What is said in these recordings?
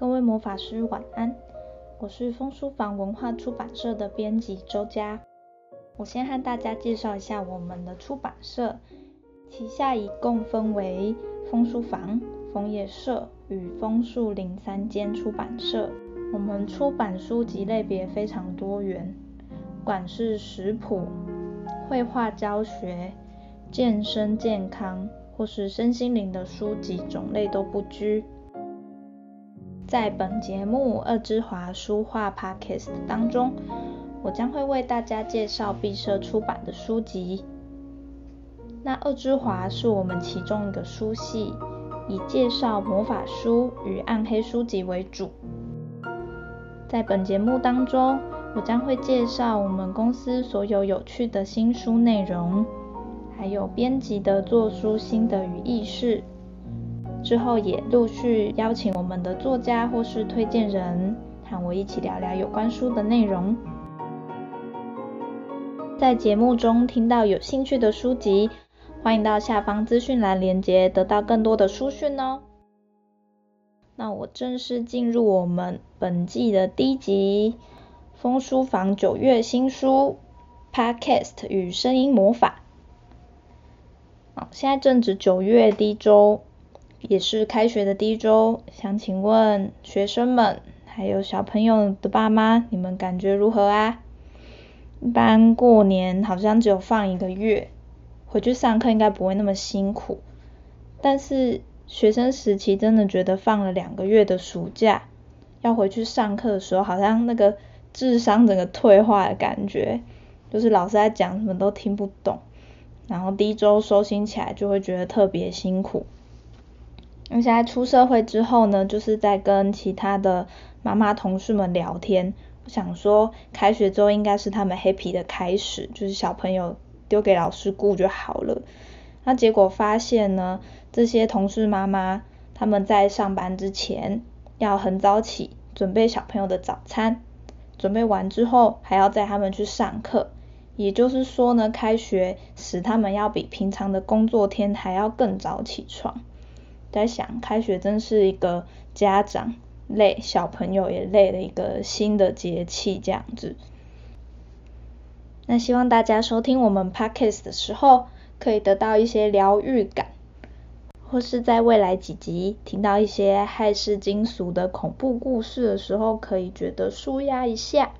各位魔法師晚安，我是楓書坊文化出版社的編輯周佳。我先和大家介紹一下我們的出版社，旗下一共分為楓書坊、楓葉社與楓樹林三間出版社。我們出版書籍類別非常多元，不管是食譜、繪畫教學、健身健康，或是身心靈的書籍種類都不拘。在本節目《惡之華書話 Podcast》當中，我將會為大家介紹敝社出版的書籍。那惡之華是我們其中一個書系，以介紹魔法書與暗黑書籍為主。在本節目當中，我將會介紹我們公司所有有趣的新書內容，還有編輯的做書心得與軼事之後也陸續邀請我們的作家或是推薦人和我一起聊聊有關書的內容。在節目中聽到有興趣的書籍，歡迎到下方資訊欄連結得到更多的書訊哦。那我正式進入我們本季的第一集《楓書坊九月新書 Podcast 與聲音魔法》。好，現在正值九月第一周。也是開學的第一周，想請問學生們，還有小朋友的爸媽，你們感覺如何啊？一般過年好像只有放一個月，回去上課應該不會那麼辛苦。但是學生時期真的覺得放了兩個月的暑假，要回去上課的時候，好像那個智商整個退化的感覺，就是老師在講什麼都聽不懂，然後第一周收心起來就會覺得特別辛苦。那現在出社會之後呢，就是在跟其他的媽媽同事們聊天。我想說，開學之後應該是他們黑皮的開始，就是小朋友丟給老師顧就好了。那結果發現呢，這些同事媽媽他們在上班之前要很早起，準備小朋友的早餐，準備完之後還要帶他們去上課。也就是說呢，開學時他們要比平常的工作天還要更早起床。在想，開學真是一個家長累、小朋友也累的一個新的節氣這樣子。那希望大家收聽我們 podcast 的時候，可以得到一些療癒感，或是在未來幾集聽到一些駭世驚俗的恐怖故事的時候，可以覺得舒壓一下。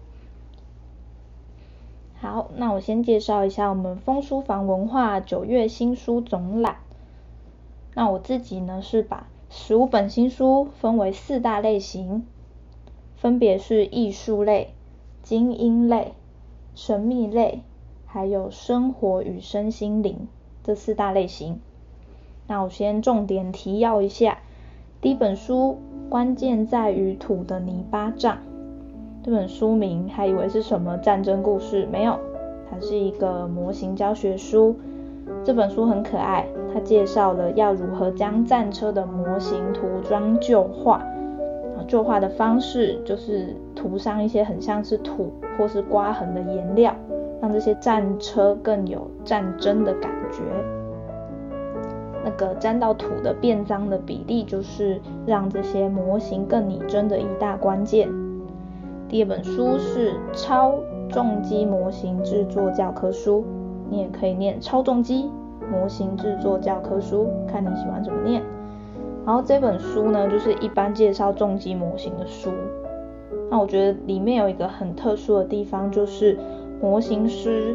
好，那我先介紹一下我們楓書坊文化九月新書總覽。那我自己呢，是把十五本新書分為四大類型，分別是藝術類、精英類、神秘類，還有生活與身心靈這四大類型。那我先重點提要一下，第一本書關鍵在於土的泥巴仗，這本書名還以為是什麼戰爭故事，沒有，它是一個模型教學書。這本書很可愛，它介紹了要如何將戰車的模型塗裝舊化。啊，舊化的方式就是塗上一些很像是土或是刮痕的顏料，讓這些戰車更有戰爭的感覺。那個沾到土的變髒的比例，就是讓這些模型更擬真的一大關鍵。第二本書是《超重機模型製作教科書》。你也可以念超重機模型製作教科書，看你喜歡怎麼念。然後這本書呢，就是一般介紹重機模型的書。那我覺得裡面有一個很特殊的地方，就是模型師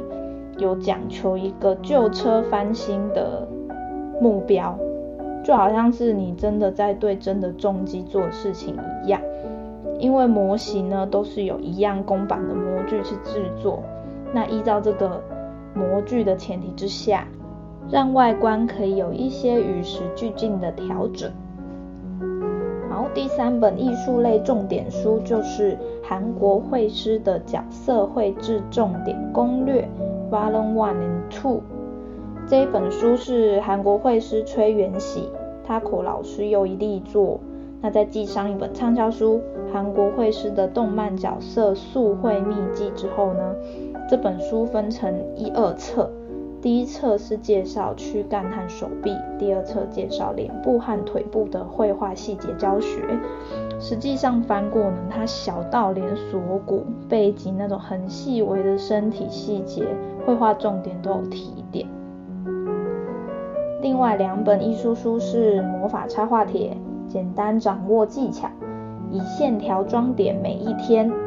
有講求一個舊車翻新的目標，就好像是你真的在對真的重機做的事情一樣。因為模型呢，都是有一樣公版的模具去製作，那依照這個。模具的前提之下，讓外觀可以有一些與時俱進的調整。然後第三本藝術類重點書就是《韓國繪師的角色繪製重點攻略 Volume One and Two》。這一本書是韓國繪師崔元喜、Taco 老師又一力作。那在繼上一本暢銷書《韓國繪師的動漫角色速繪秘技》之後呢，這本書分成一二冊，第一冊是介紹軀幹和手臂，第二冊介紹臉部和腿部的繪畫細節教學。實際上翻過呢，它小到連鎖骨、背脊那種很細微的身體細節，繪畫重點都有提點。另外兩本藝術書書是《魔法插畫帖》，簡單掌握技巧，以線條裝點每一天。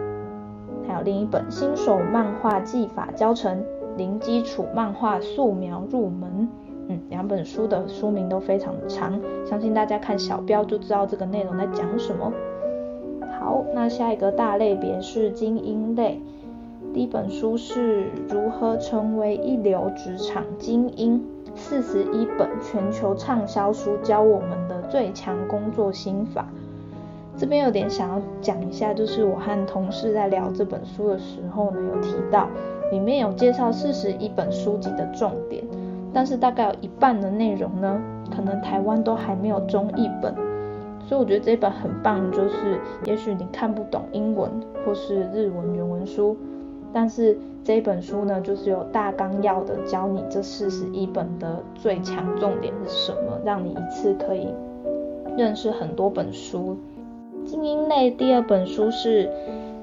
另一本《新手漫畫技法教程：零基礎漫畫素描入門》，嗯，兩本書的書名都非常的長，相信大家看小標就知道這個內容在講什麼。好，那下一個大類別是精英類，第一本書是《如何成為一流職場精英》，四十一本全球暢銷書教我們的最強工作心法。這邊有點想要講一下，就是我和同事在聊這本書的時候呢，有提到裡面有介紹四十一本書籍的重點，但是大概有一半的內容呢，可能台灣都還沒有中譯本，所以我覺得這一本很棒，就是也許你看不懂英文或是日文原文書，但是這一本書呢，就是有大綱要的，教你這四十一本的最強重點是什麼，讓你一次可以認識很多本書。精英類第二本書是《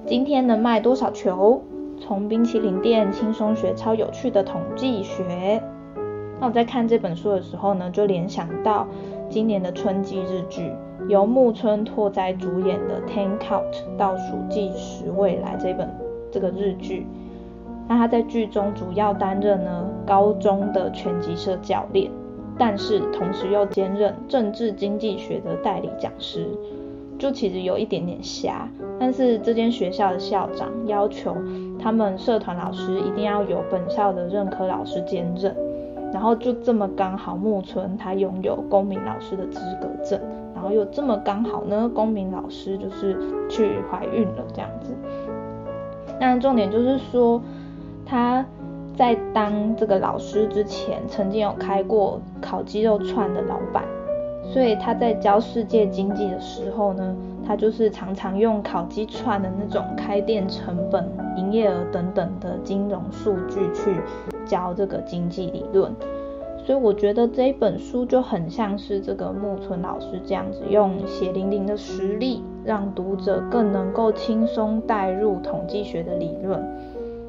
今天能賣多少球？從冰淇淋店輕鬆學超有趣的統計學》。那我在看這本書的時候呢，就聯想到今年的春季日劇，由木村拓哉主演的《Ten Count：倒數計時未來》這本這個日劇。那他在劇中主要擔任呢高中的拳擊社教練，但是同時又兼任政治經濟學的代理講師。就其實有一點點瞎，但是這間學校的校長要求他們社團老師一定要由本校的任課老師兼任，然後就這麼剛好木村他擁有公民老師的資格證，然後又這麼剛好呢，公民老師就是去懷孕了這樣子。那重點就是說他在當這個老師之前，曾經有開過烤雞肉串的老板。所以他在教世界經濟的時候呢，他就是常常用烤雞串的那種開店成本、營業額等等的金融數據去教這個經濟理論。所以我覺得這一本書就很像是這個木村老師這樣子用血淋淋的實例，讓讀者更能夠輕鬆帶入統計學的理論。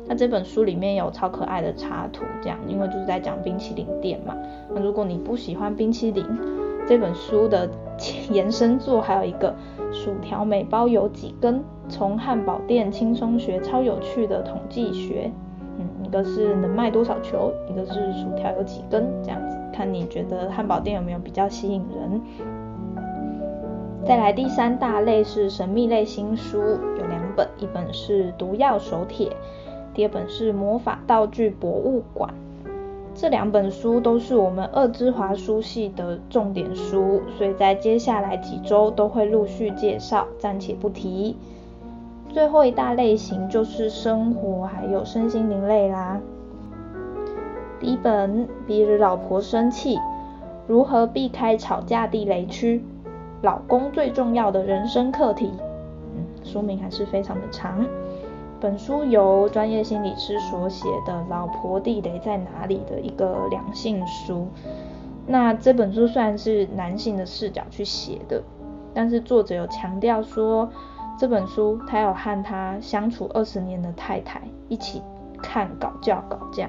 那這本書裡面有超可愛的插圖，這樣因為就是在講冰淇淋店嘛。那如果你不喜歡冰淇淋，這本書的延伸作還有一個薯條每包有幾根、從漢堡店輕鬆學超有趣的統計學，嗯，一個是能賣多少球，一個是薯條有幾根這樣子，看你覺得漢堡店有沒有比較吸引人。再來第三大類是神秘類新書，有兩本，一本是毒藥手帖，第二本是魔法道具博物館。這兩本書都是我們惡之華書系的重點書，所以在接下來幾週都會陸續介紹，暫且不提。最後一大類型就是生活還有身心靈類啦。第一本，逼著老婆生氣，如何避開吵架地雷區，老公最重要的人生課題。嗯，書名還是非常的長。本書由專業心理師所寫的《老婆地雷在哪裡》的一個兩性書。那這本書雖然是男性的視角去寫的，但是作者有強調說，這本書他有和他相處二十年的太太一起看稿校稿校。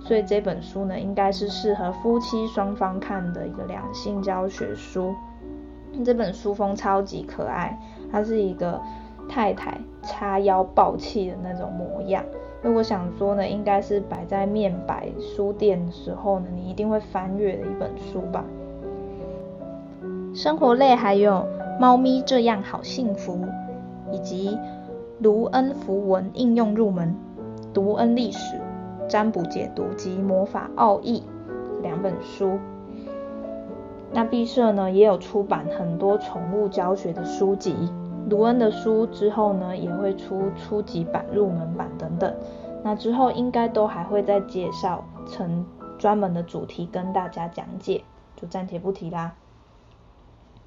所以這本書呢，應該是適合夫妻雙方看的一個兩性教學書。這本書封超級可愛，它是一個。太太叉腰抱氣的那種模樣，所以我想說呢，應該是擺在面白書店的時候呢，你一定會翻閱的一本書吧。生活類還有《貓咪這樣好幸福》，以及《盧恩符文應用入門》、《盧恩歷史占卜解讀及魔法奧義》兩本書。那敝社呢，也有出版很多寵物教學的書籍。盧恩的書之後呢，也會出初級版、入門版等等。那之後應該都還會再介紹成專門的主題跟大家講解，就暫且不提啦。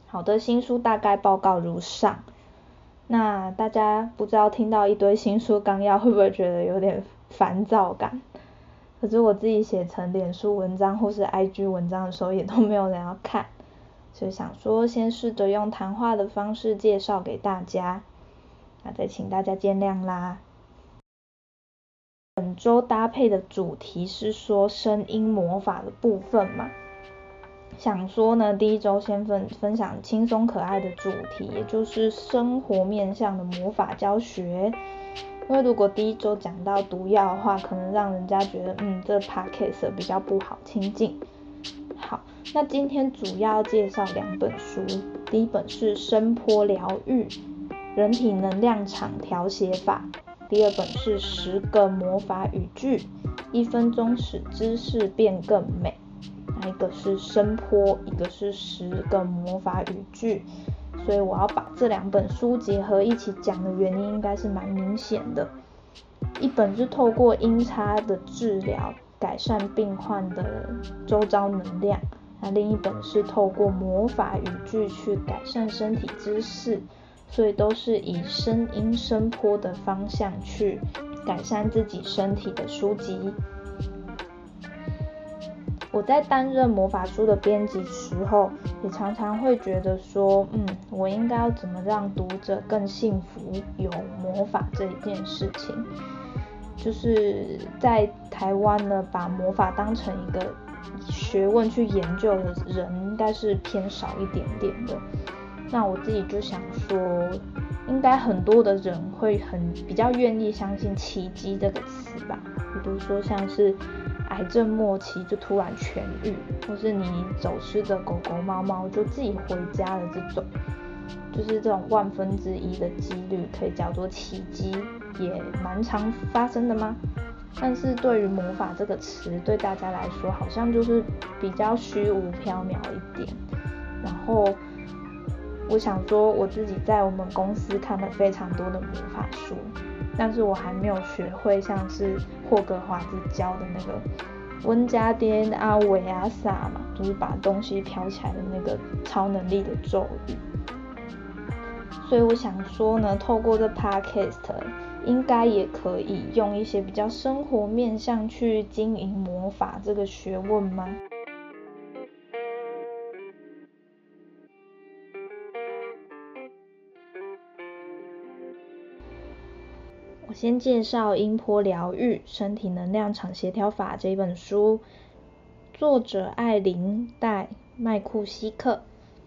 好的，新書大概報告如上。那大家不知道聽到一堆新書綱要會不會覺得有點煩躁感？可是我自己寫成臉書文章或是 IG 文章的時候，也都沒有人要看。所以想說，先試着用談話的方式介紹給大家，那再請大家見諒啦。本周搭配的主題是說聲音魔法的部分嘛，想說呢，第一周先分分享輕鬆可愛的主題，也就是生活面向的魔法教學，因為如果第一周講到毒藥的話，可能讓人家覺得，嗯，這 podcast 比較不好親近。那今天主要介紹兩本書，第一本是聲波療癒人體能量場調諧法，第二本是十個魔法語句，一分鐘使姿勢變更美。那一個是聲波，一個是十個魔法語句，所以我要把這兩本書結合一起講的原因，應該是蠻明顯的。一本是透過音叉的治療，改善病患的周遭能量。那另一本是透過魔法語句去改善身體姿勢，所以都是以聲音聲波的方向去改善自己身體的書籍。我在擔任魔法書的編輯時候，也常常會覺得說，嗯，我應該要怎麼讓讀者更幸福？有魔法這一件事情，就是在台灣呢，把魔法當成一個。學問去研究的人應該是偏少一點點的，那我自己就想說，應該很多的人會很比較願意相信奇蹟這個詞吧，比如說像是癌症末期就突然痊癒，或是你走失的狗狗貓貓就自己回家的這種，就是這種萬分之一的幾率可以叫做奇蹟，也蠻常發生的嗎？但是對於魔法這個詞，對大家來說好像就是比較虛無縹緲一點。然後我想說，我自己在我們公司看了非常多的魔法書，但是我還沒有學會像是霍格華茲教的那個溫加顛阿維阿薩嘛，就是把東西飄起來的那個超能力的咒語。所以我想說呢，透過這 podcast。應該也可以用一些比較生活面向去經營魔法這個學問嗎？我先介紹《音波療癒身體能量場協調法》這本書，作者艾琳·戴·麥庫西克，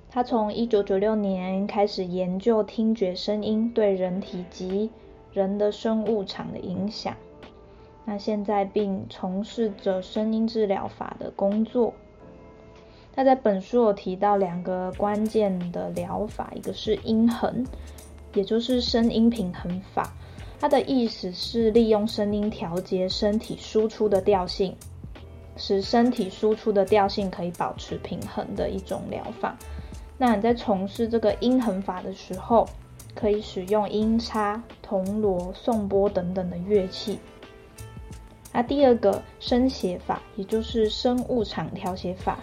他從一九九六年開始研究聽覺聲音對人體及。人的生物場的影響。那現在並從事着聲音治療法的工作。那在本書有提到兩個關鍵的療法，一個是音衡，也就是聲音平衡法。它的意思是利用聲音調節身體輸出的調性，使身體輸出的調性可以保持平衡的一種療法。那你在從事這個音衡法的時候，可以使用音叉、銅鑼、頌缽等等的樂器。那第二個生諧法，也就是生物場調諧法，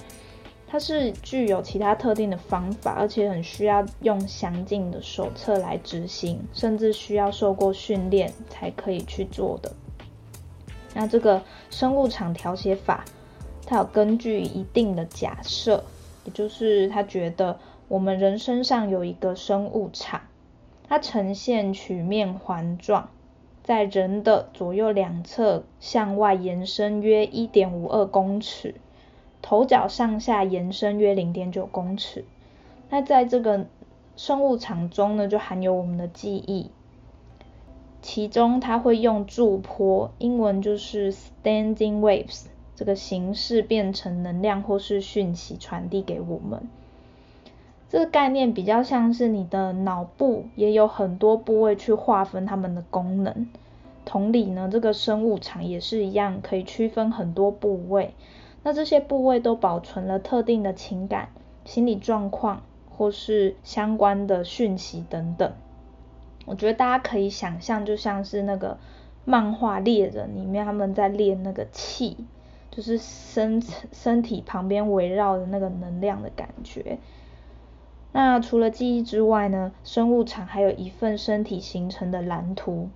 它是具有其他特定的方法，而且很需要用詳盡的手冊來執行，甚至需要受過訓練才可以去做的。那這個生物場調諧法，它有根據一定的假設，也就是他覺得我們人身上有一個生物場。它呈現曲面環狀，在人的左右兩側向外延伸約一點五二公尺，頭腳上下延伸約零點九公尺。那在這個生物場中呢，就含有我們的記憶，其中它會用駐波（英文就是 standing waves） 這個形式變成能量或是訊息傳遞給我們。這個概念比較像是你的腦部也有很多部位去劃分它們的功能，同理呢，這個生物場也是一樣，可以區分很多部位。那這些部位都保存了特定的情感、心理狀況或是相關的訊息等等。我覺得大家可以想象，就像是那個漫畫獵人裡面他們在練那個氣，就是身身體旁邊圍繞的那個能量的感覺。那除了記憶之外呢，生物場還有一份身體形成的藍圖，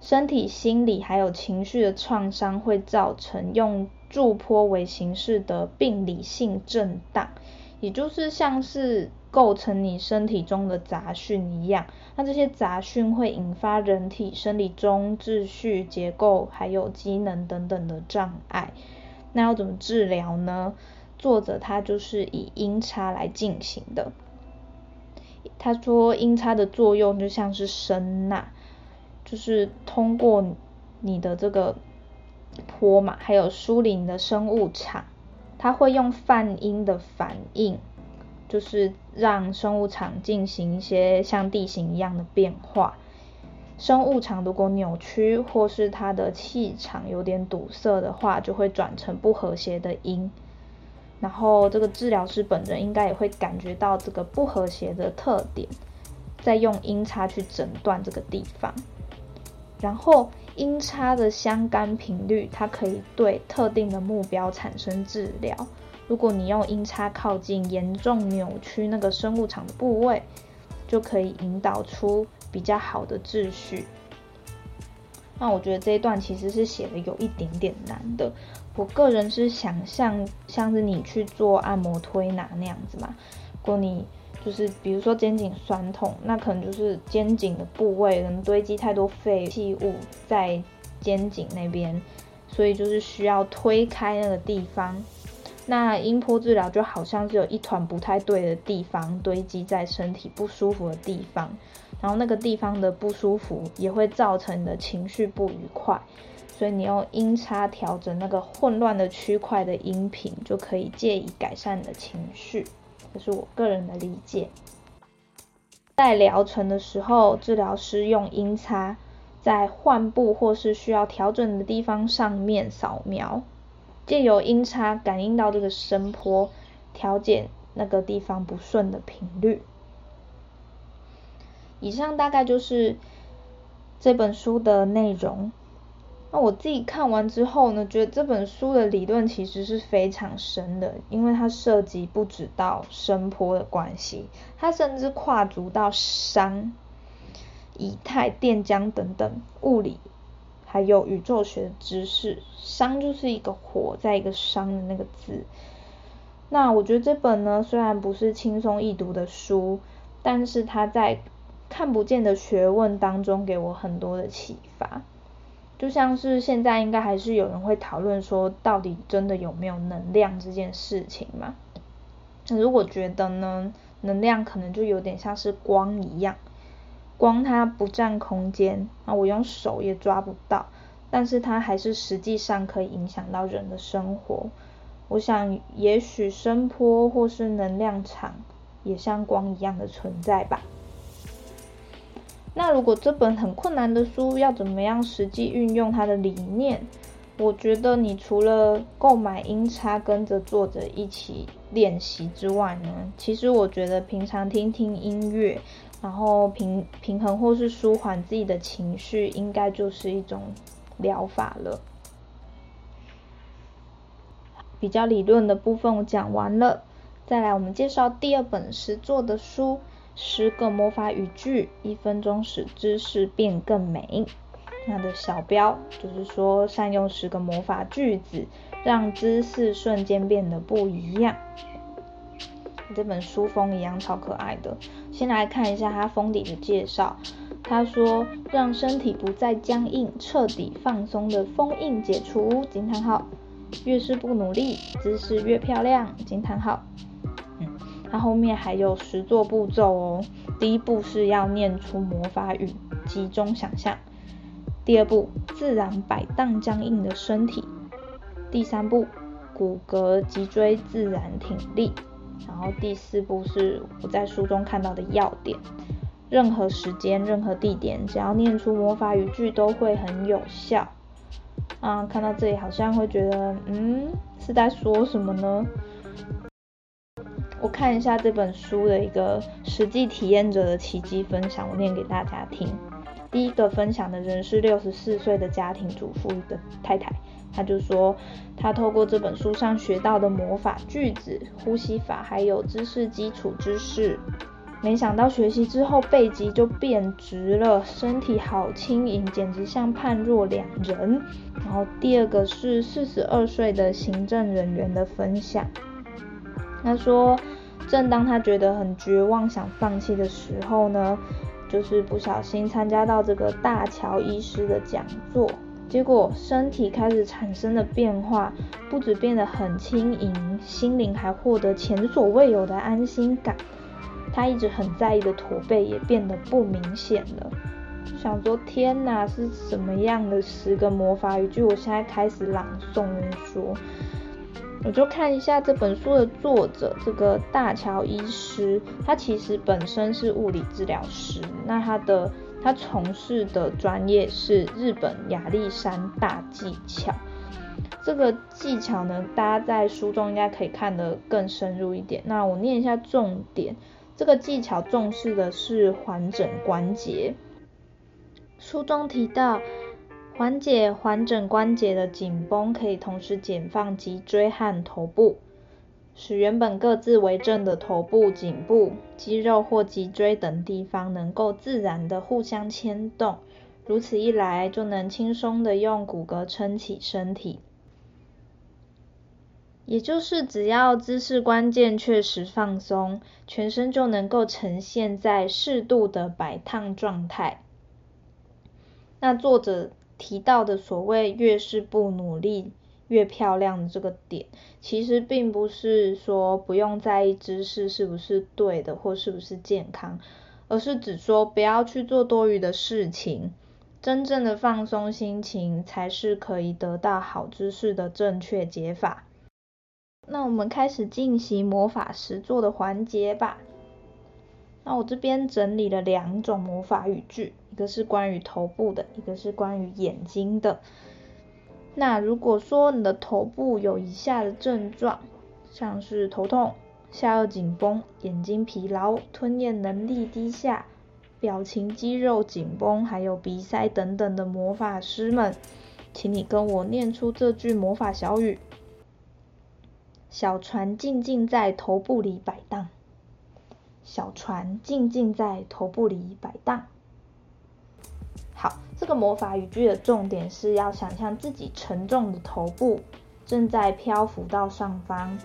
身體、心理還有情緒的創傷會造成用駐波為形式的病理性震盪，也就是像是構成你身體中的雜訊一樣，那這些雜訊會引發人體生理中秩序、結構還有機能等等的障礙，那要怎麼治療呢？作者他就是以音叉來進行的。他說音叉的作用就像是聲呐，就是通過你的這個坡嘛，還有疏林的生物場，他會用泛音的反應，就是讓生物場進行一些像地形一樣的變化。生物場如果扭曲或是它的氣場有點堵塞的話，就會轉成不和諧的音。然後，這個治療師本人應該也會感覺到這個不和諧的特點，再用音叉去診斷這個地方。然後，音叉的相干頻率，它可以對特定的目標產生治療。如果你用音叉靠近嚴重扭曲那個生物場的部位，就可以引導出比較好的秩序。那我覺得這一段其實是寫得有一點點難的，我個人是想象像，像是你去做按摩推拿那樣子嘛，如果你就是比如說肩頸酸痛，那可能就是肩頸的部位可能堆積太多廢棄物在肩頸那邊，所以就是需要推開那個地方。那音波治療就好像是有一團不太對的地方堆積在身體不舒服的地方。然後那個地方的不舒服也會造成你的情緒不愉快，所以你用音叉調整那個混亂的區塊的音頻，就可以借以改善你的情緒。這是我個人的理解。在療程的時候，治療師用音叉在患部或是需要調整的地方上面掃描，借由音叉感應到這個聲波，調節那個地方不順的頻率。以上大概就是這本書的內容。那我自己看完之後呢，覺得這本書的理論其實是非常深的，因為它涉及不止到聲波的關係，它甚至跨足到商、以太、電漿等等物理，還有宇宙學的知識。商就是一個火在一個商的那個字。那我覺得這本呢，雖然不是輕鬆易讀的書，但是它在看不見的學問當中，給我很多的啟發。就像是現在，應該還是有人會討論說，到底真的有沒有能量這件事情嘛？那如果覺得呢，能量可能就有點像是光一樣，光它不佔空間，那我用手也抓不到，但是它還是實際上可以影響到人的生活。我想，也許聲波或是能量場，也像光一樣的存在吧。那如果這本很困難的書要怎麼樣實際運用它的理念？我覺得你除了購買音叉跟着作者一起練習之外呢，其實我覺得平常聽聽音樂，然後平平衡或是舒緩自己的情緒，應該就是一種療法了。比較理論的部分我講完了，再來我們介紹第二本實作的書。十個魔法語句，一分鐘使姿勢變更美。那的小標就是說，善用十個魔法句子，讓姿勢瞬間變得不一樣。這本書封一樣超可愛的，先來看一下它封底的介紹。它說，讓身體不再僵硬，徹底放鬆的封印解除。驚嘆號！越是不努力，姿勢越漂亮。驚嘆號！它、啊、後面還有十座步驟哦。第一步是要念出魔法語，集中想象。第二步，自然擺盪僵硬的身體。第三步，骨骼脊椎自然挺立。然後第四步是我在書中看到的要點：任何時間、任何地點，只要念出魔法語句都會很有效。啊，看到這裡好像會覺得，嗯，是在說什麼呢？我看一下這本書的一個實際體驗者的奇蹟分享，我念給大家聽。第一個分享的人是六十四歲的家庭主婦的太太，他就說他透過這本書上學到的魔法句子、呼吸法還有姿勢基礎姿勢，沒想到學習之後背脊就變直了，身體好輕盈，簡直像判若兩人。然後第二個是四十二歲的行政人員的分享。他說，正當他覺得很絕望、想放棄的時候呢，就是不小心參加到這個大橋醫師的講座，結果身體開始產生了變化，不止變得很輕盈，心靈還獲得前所未有的安心感。他一直很在意的駝背也變得不明顯了。想說，天哪，是什麼樣的十個魔法語句？我現在開始朗誦說。我就看一下這本書的作者，這個大喬醫師，他其實本身是物理治療師，那他的他從事的專業是日本亞歷山大技巧。這個技巧呢，大家在書中應該可以看得更深入一點。那我念一下重點，這個技巧重視的是寰枕關節。書中提到。緩解寰枕關節的緊繃，可以同時解放脊椎和頭部，使原本各自為政的頭部、頸部、肌肉或脊椎等地方能夠自然的互相牽動。如此一來，就能輕鬆地用骨骼撐起身體。也就是只要姿勢關鍵確實放鬆，全身就能夠呈現在適度的擺盪狀態。那作者。提到的所謂越是不努力越漂亮的這個點，其實並不是說不用在意姿勢是不是對的或是不是健康，而是指說不要去做多餘的事情，真正的放鬆心情才是可以得到好姿勢的正確解法。那我們開始進行魔法實作的環節吧。那我這邊整理了兩種魔法語句，一個是關於頭部的，一個是關於眼睛的。那如果說你的頭部有以下的症狀，像是頭痛、下顎緊繃、眼睛疲勞、吞嚥能力低下、表情肌肉緊繃，還有鼻塞等等的魔法師們，請你跟我念出這句魔法小語：小船靜靜在頭部裡擺盪。小船靜靜在頭部裡擺盪。好，這個魔法語句的重點是要想象自己沉重的頭部正在漂浮到上方，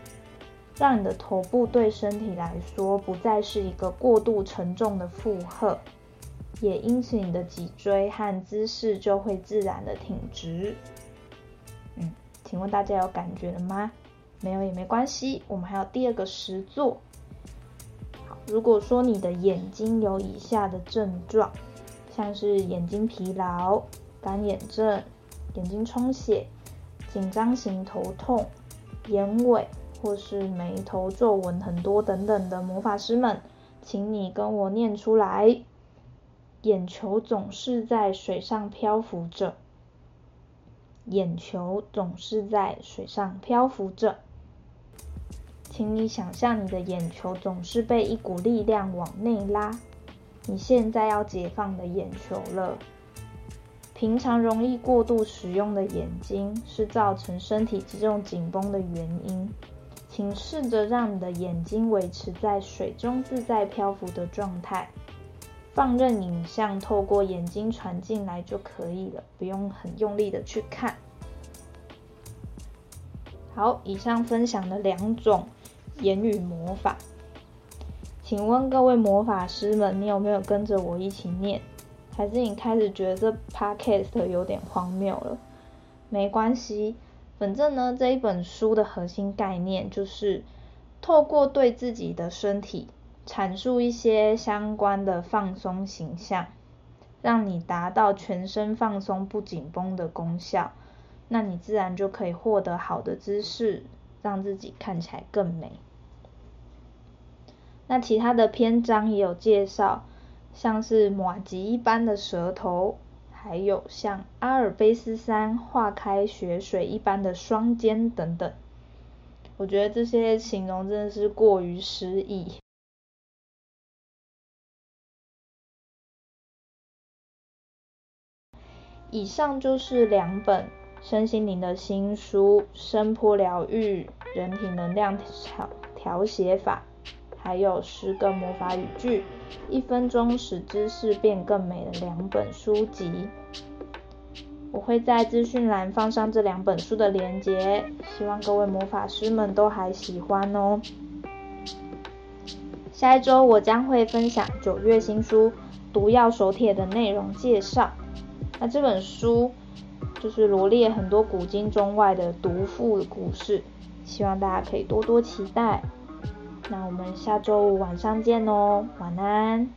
讓你的頭部對身體來說不再是一個過度沉重的負荷，也因此你的脊椎和姿勢就會自然的挺直。嗯，請問大家有感覺了嗎？沒有也沒關係，我們還有第二個實作。如果說你的眼睛有以下的症狀，像是眼睛疲勞、乾眼症、眼睛充血、緊張型頭痛、眼尾或是眉頭皺紋很多等等的魔法師們，請你跟我念出來：眼球總是在水上漂浮着，眼球總是在水上漂浮着。請你想象你的眼球總是被一股力量往內拉，你現在要解放的眼球了。平常容易過度使用的眼睛是造成身體肌肉緊繃的原因，請試着讓你的眼睛維持在水中自在漂浮的狀態，放任影像透過眼睛傳進來就可以了，不用很用力的去看。好，以上分享的兩種。言語魔法，請問各位魔法師們，你有沒有跟着我一起念？還是你開始覺得這 podcast 有點荒謬了？沒關係，反正呢，這一本書的核心概念就是透過對自己的身體闡述一些相關的放鬆形象，讓你達到全身放鬆不緊繃的功效，那你自然就可以獲得好的姿勢，讓自己看起來更美。那其他的篇章也有介紹，像是馬吉一般的舌頭，還有像阿爾卑斯山化開雪水一般的雙肩等等。我覺得這些形容真的是過於詩意。以上就是兩本身心靈的新書《聲波療癒人體能量場調諧法》。還有十個魔法語句，一分鐘使姿勢變更美的兩本書籍，我會在資訊欄放上這兩本書的連結，希望各位魔法師們都還喜歡哦。下一周我將會分享九月新書《毒藥手帖》的內容介紹，那這本書就是羅列很多古今中外的毒婦的故事，希望大家可以多多期待。那我們下週五晚上見哦，晚安。